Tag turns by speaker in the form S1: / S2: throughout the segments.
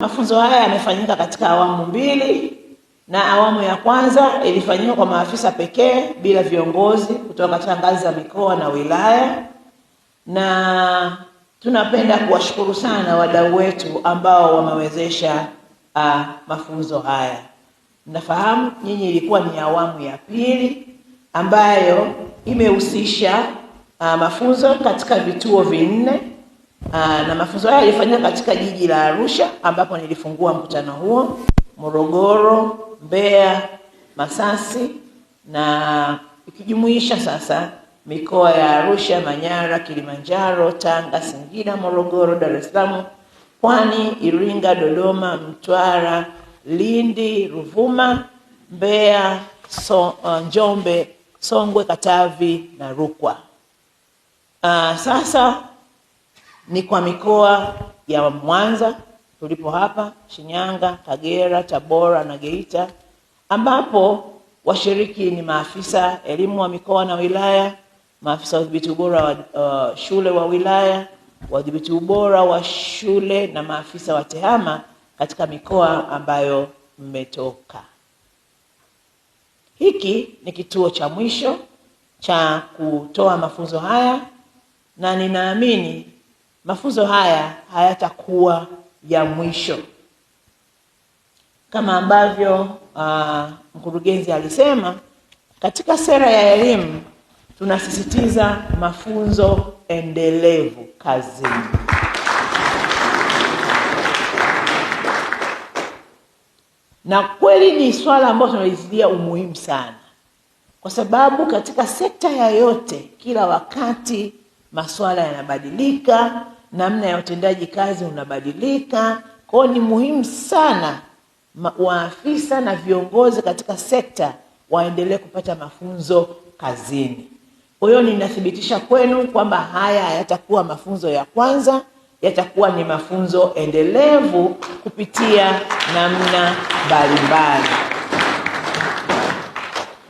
S1: Mafunzo haya yamefanyika katika awamu mbili na awamu ya kwanza ilifanyika kwa maafisa pekee bila viongozi kutoka katika ngazi za mikoa na wilaya, na tunapenda kuwashukuru sana wadau wetu ambao wamewezesha uh, mafunzo haya. Nafahamu nyinyi ilikuwa ni awamu ya pili ambayo imehusisha uh, mafunzo katika vituo vinne Aa, ah, na mafunzo haya yalifanyika katika jiji la Arusha ambapo nilifungua mkutano huo, Morogoro, Mbeya, Masasi na ikijumuisha sasa mikoa ya Arusha, Manyara, Kilimanjaro, Tanga, Singida, Morogoro, Dar es Salaam, Pwani, Iringa, Dodoma, Mtwara, Lindi, Ruvuma, Mbeya, so, uh, Njombe, Songwe, Katavi na Rukwa. Uh, sasa ni kwa mikoa ya Mwanza tulipo hapa, Shinyanga, Kagera, Tabora na Geita, ambapo washiriki ni maafisa elimu wa mikoa na wilaya, maafisa wa udhibiti ubora wa uh, shule wa wilaya, wadhibiti ubora wa shule na maafisa wa TEHAMA katika mikoa ambayo mmetoka. Hiki ni kituo cha mwisho cha kutoa mafunzo haya na ninaamini Mafunzo haya hayatakuwa ya mwisho kama ambavyo uh, mkurugenzi alisema. Katika sera ya elimu tunasisitiza mafunzo endelevu kazini. Na kweli ni swala ambalo tunalizidia umuhimu sana, kwa sababu katika sekta yoyote kila wakati masuala yanabadilika, namna ya utendaji kazi unabadilika. Kwa ni muhimu sana waafisa na viongozi katika sekta waendelee kupata mafunzo kazini. Kwa hiyo ninathibitisha kwenu kwamba haya yatakuwa mafunzo ya kwanza, yatakuwa ni mafunzo endelevu kupitia namna mbalimbali.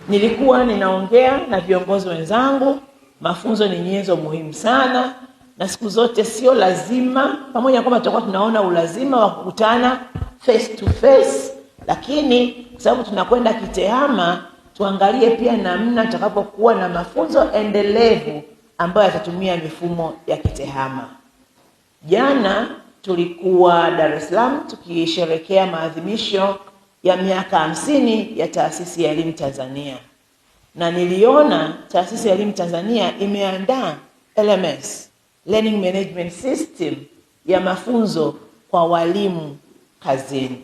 S1: Nilikuwa ninaongea na viongozi wenzangu Mafunzo ni nyenzo muhimu sana, na siku zote sio lazima, pamoja na kwamba tutakuwa tunaona ulazima wa kukutana face to face, lakini kwa sababu tunakwenda kitehama, tuangalie pia namna tutakapokuwa na mafunzo endelevu ambayo yatatumia mifumo ya kitehama. Jana tulikuwa Dar es Salaam tukisherekea maadhimisho ya miaka hamsini ya Taasisi ya Elimu Tanzania na niliona Taasisi ya Elimu Tanzania imeandaa LMS, Learning Management System ya mafunzo kwa walimu kazini.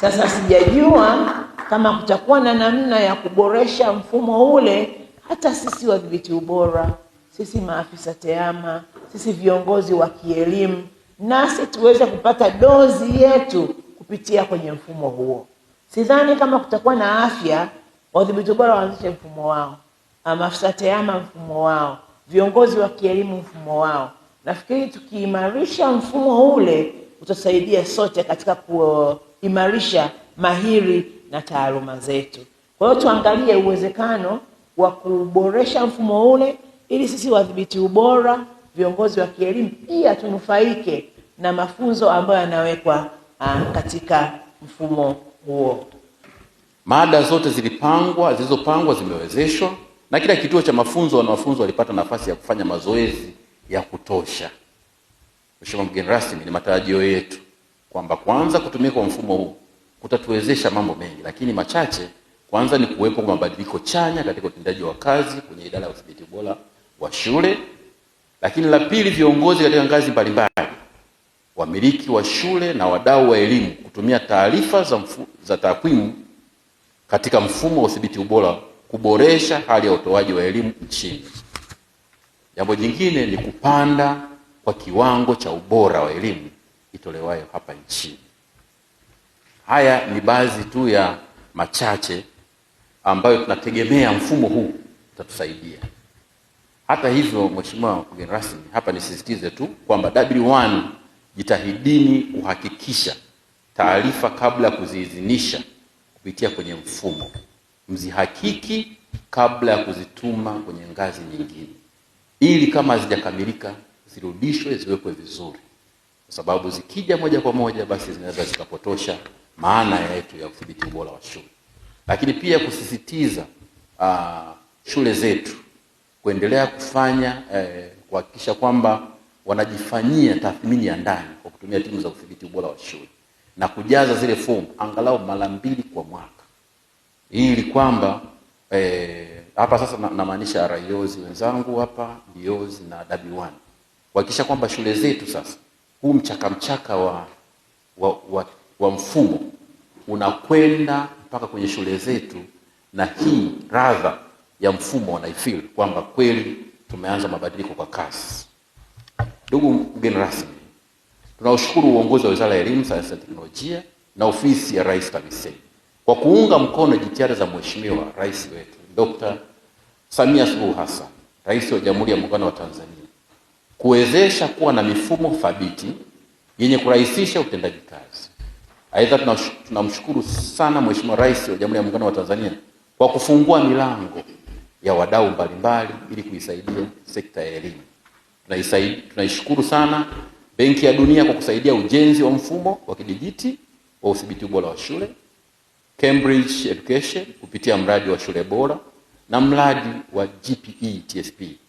S1: Sasa sijajua kama kutakuwa na namna ya kuboresha mfumo ule, hata sisi wadhibiti ubora, sisi maafisa TEHAMA, sisi viongozi wa kielimu, nasi tuweze kupata dozi yetu kupitia kwenye mfumo huo. Sidhani kama kutakuwa na afya Wadhibiti ubora waanzishe mfumo wao, maafisa tehama mfumo wao, viongozi wa kielimu mfumo wao. Nafikiri tukiimarisha mfumo ule utasaidia sote katika kuimarisha mahiri na taaluma zetu. Kwa hiyo tuangalie uwezekano wa kuboresha mfumo ule ili sisi wadhibiti ubora, viongozi wa kielimu pia tunufaike na mafunzo ambayo yanawekwa ah, katika mfumo huo.
S2: Mada zote zilipangwa, zilizopangwa zimewezeshwa, na kila kituo cha mafunzo wanafunzi walipata nafasi ya kufanya mazoezi ya kutosha. Mheshimiwa mgeni rasmi, ni matarajio yetu kwamba kwanza kutumia kwa mfumo huu kutatuwezesha mambo mengi, lakini machache. Kwanza ni kuwepo kwa mabadiliko chanya katika utendaji wa kazi kwenye idara ya udhibiti ubora wa shule, lakini la pili, viongozi katika ngazi mbalimbali, wamiliki wa shule na wadau wa elimu kutumia taarifa za, za takwimu katika mfumo wa udhibiti ubora kuboresha hali ya utoaji wa elimu nchini. Jambo jingine ni kupanda kwa kiwango cha ubora wa elimu itolewayo hapa nchini. Haya ni baadhi tu ya machache ambayo tunategemea mfumo huu utatusaidia. Hata hivyo, Mheshimiwa mgeni rasmi, hapa nisisitize tu kwamba W1, jitahidini kuhakikisha taarifa kabla ya kuziidhinisha kupitia kwenye mfumo, mzihakiki kabla ya kuzituma kwenye ngazi nyingine, ili kama hazijakamilika zirudishwe, ziwekwe vizuri, kwa sababu zikija moja kwa moja, basi zinaweza zikapotosha maana yetu ya udhibiti ubora wa shule. Lakini pia kusisitiza uh, shule zetu kuendelea kufanya eh, kuhakikisha kwamba wanajifanyia tathmini ya ndani kwa kutumia timu za udhibiti ubora wa shule na kujaza zile fomu angalau mara mbili kwa mwaka, ili kwamba eh, hapa sasa namaanisha na raiozi wenzangu hapa diozi na wani kuhakikisha kwamba shule zetu sasa huu mchaka wa, wa, wa, wa mfumo unakwenda mpaka kwenye shule zetu, na hii radha ya mfumo wanaifeel kwamba kweli tumeanza mabadiliko kwa kasi. Ndugu mgeni rasmi Tunaushukuru uongozi wa Wizara ya Elimu, Sayansi na Teknolojia na ofisi ya Rais TAMISEMI kwa kuunga mkono jitihada za Mheshimiwa Rais wetu Dr. Samia Suluhu Hassan, Rais wa Jamhuri ya Muungano wa Tanzania, kuwezesha kuwa na mifumo thabiti yenye kurahisisha utendaji kazi. Aidha, tunamshukuru sana Mheshimiwa Rais wa Jamhuri ya Muungano wa Tanzania kwa kufungua milango ya wadau mbalimbali ili kuisaidia sekta ya elimu. Tunaishukuru sana Benki ya Dunia kwa kusaidia ujenzi wa mfumo wa kidijiti wa udhibiti ubora wa shule, Cambridge Education kupitia mradi wa shule bora na mradi wa GPE TSP.